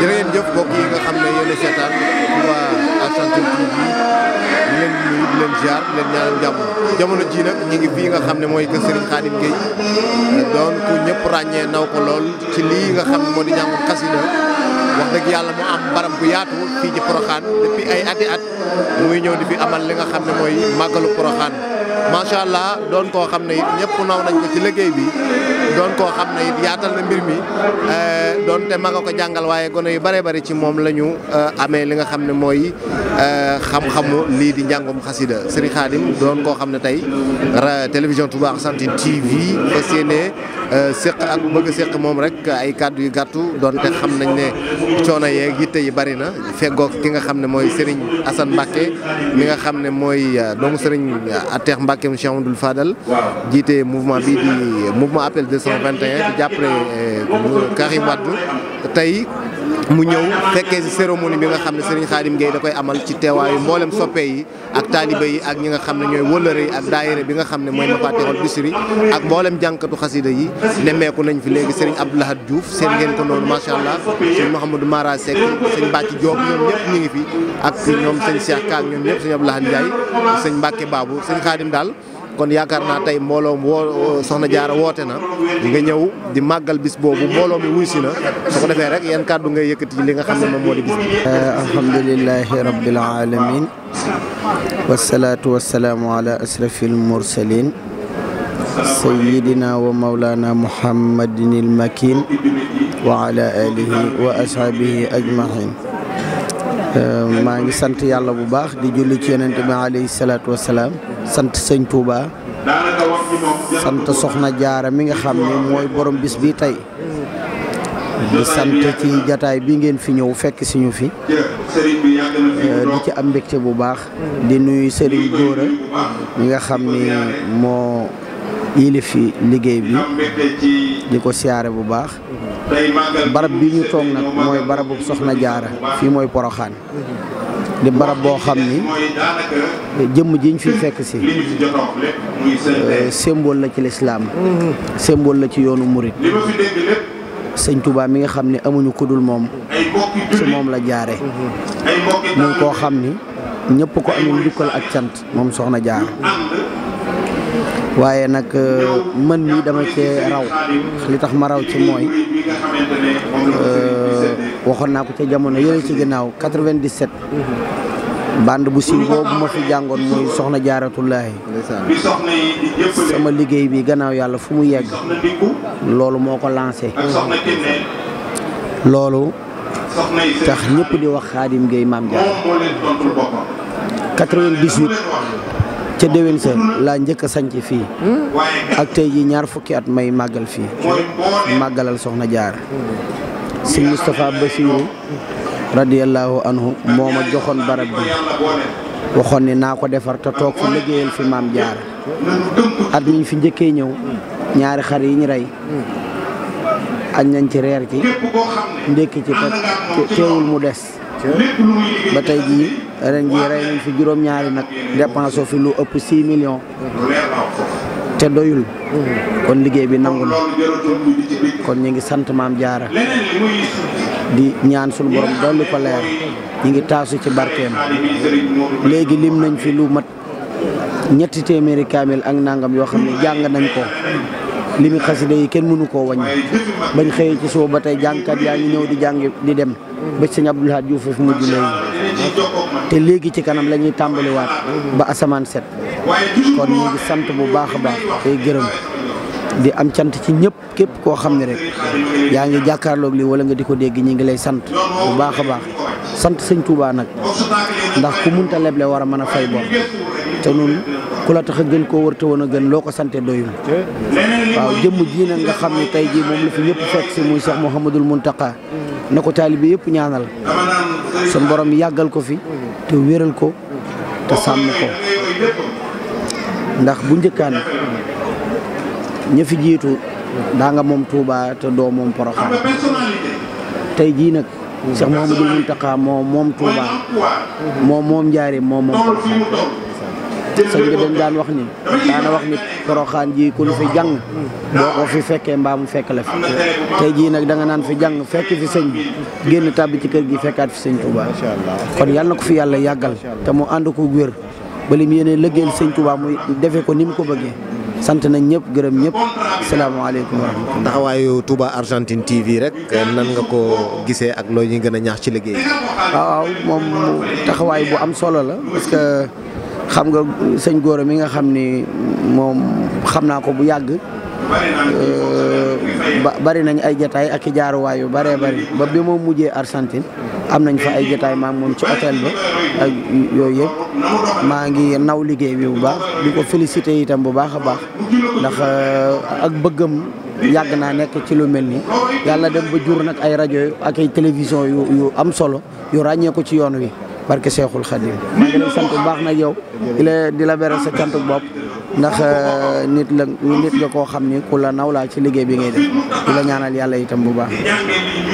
jërë ngeen jëf mbokk yi nga xam ne yéen a seetaan Touba Argentine TV di leen nuyu di leen ziar di leen ñaanal jàmm jamono ji nag ñi ngi fii nga xam ne mooy kër Serigne Khadim Gueye doon ku ñëpp ràññee naw ko lool ci lii nga xam moo di ñàngum xasida wax dëgg yàlla mu am baram bu yaatu fii ci Porokhane depuis ay ati at muy ñëw di fi amal li nga xam ne mooy màggalu Porokhane macha allah doon koo xam ne it ñëpp naw nañ ko ci liggéey bi doon koo xam ne it yaatal na mbir mi eh, doon te ma ko jàngal waaye gone yu bare bari ci moom la ñu eh, amee li nga xam ne mooy eh, xam-xamu lii di njàngum xasida Sëriñ Xaadim doon koo xam ne tey télévision Touba Argentine TV fas yéene séq ak bëgg séq moom rek ay kàddu yu gàttu doon te xam nañ ne coono yeeg yitte yi bari na feggoog ki nga xam ne mooy Sëriñ Asan Mbàkke mi nga xam ne mooy doomu Sëriñ Atte Cheikh Mbacke mu Cheikh Amadou Fadal. jiite mouvement bii di mouvement appel di jàppale eh, Karim Wade tey. mu ñëw fekkee si cérémonie bi nga xam ne Serigne Khadim Gueye da koy amal ci teewaayu mboolem soppe yi ak taaliba yi ak ñi nga xam ne ñooy wëllëre yi ak daayira bi nga xam ne mooy Mafatihul Bichri ak mboolem jànkatu xasida yi nemmeeku nañ fi léegi Serigne ab Lahad Diouf seen ngeen ko noonu macha allah sëñ Mouhamadou Mara Seck sëñ Bàcci Diop ñoom ñëpp ñu ngi fi ak ñoom sëñ Cheikh Ka ñoom ñëpp sëñ Abdou Lahad Ndiaye sëñ Mbacke baabu sëñ Khadim daal kon yaakaar naa tey mbooloo woo soxna jaara woote na nga ñëw di màggal bis boobu mbooloo mi wuy si na su ko defee rek yan kàddu ngay yëkkati li nga xam ne moom moo di bis bi eh, alhamdulilahi rabbil alamin wasalaatu wasalaamu ala ashrafil mursalin sayidina wa maulana muhammadin almakin wa ala wa ashaabihi ajmain eh, maa ngi sant yàlla bu baax di julli ci yonente bi alayhi salaatu wasalaam sant sëñ Touba sant soxna jaara mi nga xam ne mooy borom bis bi tey di sant ci jataay bi ngeen fi ñëw fekk si ñu fi eh, di ci am mbégte bu baax di nuyu Serigne Gora mi nga xam ni moo fi liggéey bi di ko siyaare bu baax barab bi ñu toog nag mooy barabu soxna jaara fii mooy Poroxaan di barab boo xam ni jëmm ji ñu fi fekk si euh, symbole la ci lislaam mhm. symbole la ci yoonu murit sëñ Touba mi nga xam ne amuñu kudul moom ci moom la jaare mhm. muy koo xam ni ñëpp ko amul njukkal ak cant moom soxna jaar waaye nag euh, mën mi dama cee raw li tax ma raw ci mooy waxoon naa ko ca jamono yële ci ginnaaw 97. bu siiw boobu ma fi jàngoon muy soxna jaaratullaahi sama liggéey bi gannaaw yàlla fu mu yegg loolu moo ko lancé loolu tax ñëpp di wax xaadim Gueye maam Jaara 98 ca déwén sa laa njëkk a sanc fii ak tey ji ñaar fukki at may màggal fii màggalal soxna jaar si Moustapha Bassirou radiyallahu anhu moo ma joxoon barab bi waxoon ne naa ko defar te toog fi liggéeyal fi maam jaar at mi fi njëkkee ñëw ñaari xar yiñ ñu rey añ nañ ci reer ci ndékki ci te teewul mu des ba tey jii ren jii rey nañ fi juróom-ñaari nag dépensé fi lu ëpp 6 millions te doyul mm. kon liggéey bi nangu na kon ñu ngi sant maam jaara di ñaan suñu borom dolli ko leer ñu ngi taasu ci barkeem léegi lim nañ fi lu mat ñetti téeméeri kaamil ak nangam yoo xam ne jàng nañ ko li mi xasida yi kenn mënu ko wàññi bañ xëyee ci suba ba tey jàngkat yaa ngi ñëw di jàng di dem ba sëñ Abdoul Ahad Diouf fi mujj léegi te léegi ci kanam lañuy ñuy tàmbaliwaat ba asamaan set kon ñu sant bu baax a baax tey gërëm di am cant ci ñëpp képp koo xam ne rek yaa ngi jàkkaarloog li wala nga di ko dégg ñi ngi lay sant bu baax a baax sant sëñ Touba nag ndax ku munta leble war a mën a fay bor te nun ku la tax a gën koo wërta woon a gën loo ko sante doyul waaw jëmm ji nag nga xam ne tey jii moom la fi ñëpp fekk si muy Cheikh Mouhamadul Muntaka na ko taalibe yëpp ñaanal sun borom yàggal ko fi te wéral ko te sàmm ko ndax bu njëkkaan ña fi jiitu daa nga moom Touba te doo Poroxaan tey jii nag Cheikh Muntaka moom moom Touba moom moom sëñ bi dañ daan wax ni daana wax ni poroxaan ji ku fi jàng boo ko fi fekkee mbaa mu fekk la fi tey jii nag da nga naan fi jàng fekk fi sëñ bi génn tàbbi ci kër gi fekkaat fi sëñ Touba kon yàlla na ko fi yàlla yàggal te mu ànd ko wér ba lim yéene lëggeel sëñ Touba muy defee ko ni mu ko bëggee sant nañ ñëpp gërëm ñépp salaamaaleykum wa rahmatulah. taxawaayu Touba Argentine TV rek nan nga ko gisee ak looy ñuy gën a ñaax ci liggéey. waaw moom taxawaay bu am solo la xam nga sëñ Gora mi nga xam ni moom xam naa ko bu yàgg. Euh, bari nañ ay jataay ak i jaaruwaay yu baree bari ba bi moom mujjee Argentine am nañ fa ay jataay maam ci hôtel ba ak yooyu maa ngi naw liggéey bi bu baax di ko félicité itam bu baax a baax ndax euh, ak bëggam yàgg naa nekk ci lu mel nii yàlla dem ba jur nag ay rajo ak ay télévision yu yu am solo yu ràññeeku ci yoon wi barke Cheikhul Khadim maa ngi lay baax na yow di la di beral sa cantu bopp ndax euh, nit la nit nga koo xam ni ku la naw laa ci liggéey bi ngay def di la ñaanal yàlla itam bu baax